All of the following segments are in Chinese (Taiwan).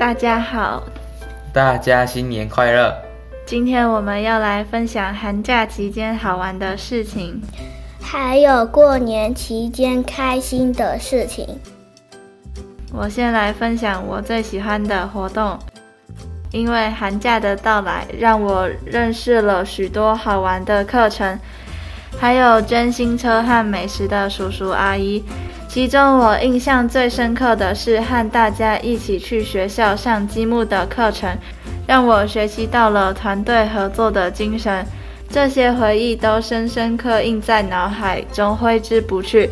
大家好，大家新年快樂！今天我們要來分享寒假期間好玩的事情，還有過年期間開心的事情。我先來分享我最喜歡的活動，因為寒假的到來，讓我認識了許多好玩的課程，還有捐新車和美食的叔叔阿姨。其中我印象最深刻的是和大家一起去學校上積木的課程，讓我學習到了團隊合作的精神。這些回憶都深深刻印在腦海中，揮之不去。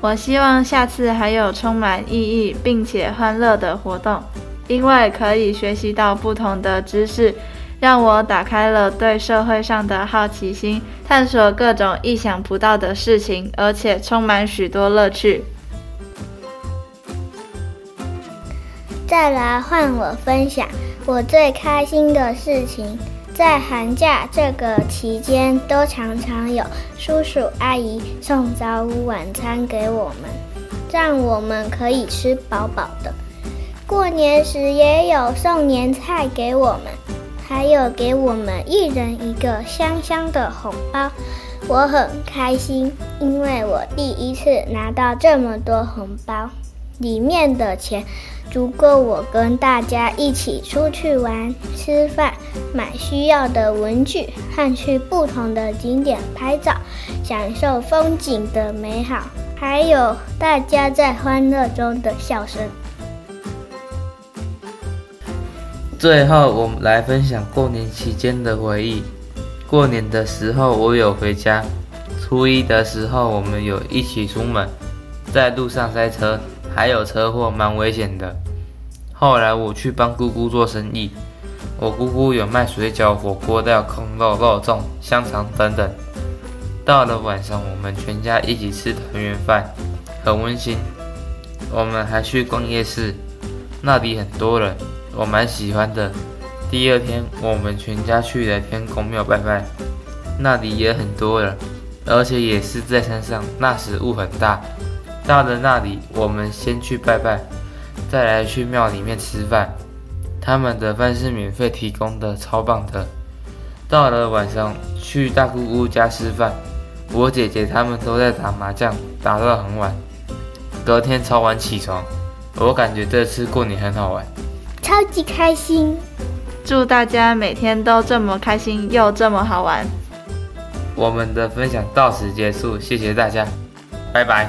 我希望下次還有充滿意義並且歡樂的活動，因為可以學習到不同的知識，讓我打開了對社會上的好奇心，探索各種意想不到的事情，而且充滿許多樂趣。再來換我分享我最開心的事情，在寒假這個期間，都常常有叔叔阿姨送早午晚餐給我們，讓我們可以吃飽飽的。過年時也有送年菜給我們，還有給我們一人一個香香的紅包，我很開心，因為我第一次拿到這麼多紅包。裡面的錢足夠我跟大家一起出去玩、吃飯、買需要的文具，和去不同的景點拍照，享受風景的美好，還有大家在歡樂中的笑聲。最後，我們來分享過年期間的回憶。過年的時候，我有回家；初一的時候，我們有一起出門。在路上塞車，還有車禍，蠻危險的。後來我去幫姑姑做生意，我姑姑有賣水餃、火鍋料、爌肉、肉粽、香腸等等。到了晚上，我們全家一起吃團圓飯，很溫馨。我們還去逛夜市，那裡很多人，我蠻喜歡的。第二天，我們全家去了天公廟拜拜，那裡也很多人，而且也是在山上。那時霧很大。到了那裡，我們先去拜拜，再來去廟裡面吃飯。他們的飯是免費提供的，超棒的。到了晚上，去大姑姑家吃飯，我姐姐他們都在打麻將，打到很晚。隔天超晚起床，我感覺這次過年很好玩，超級開心。祝大家每天都這麼開心，又這麼好玩。我們的分享到此結束，謝謝大家，拜拜。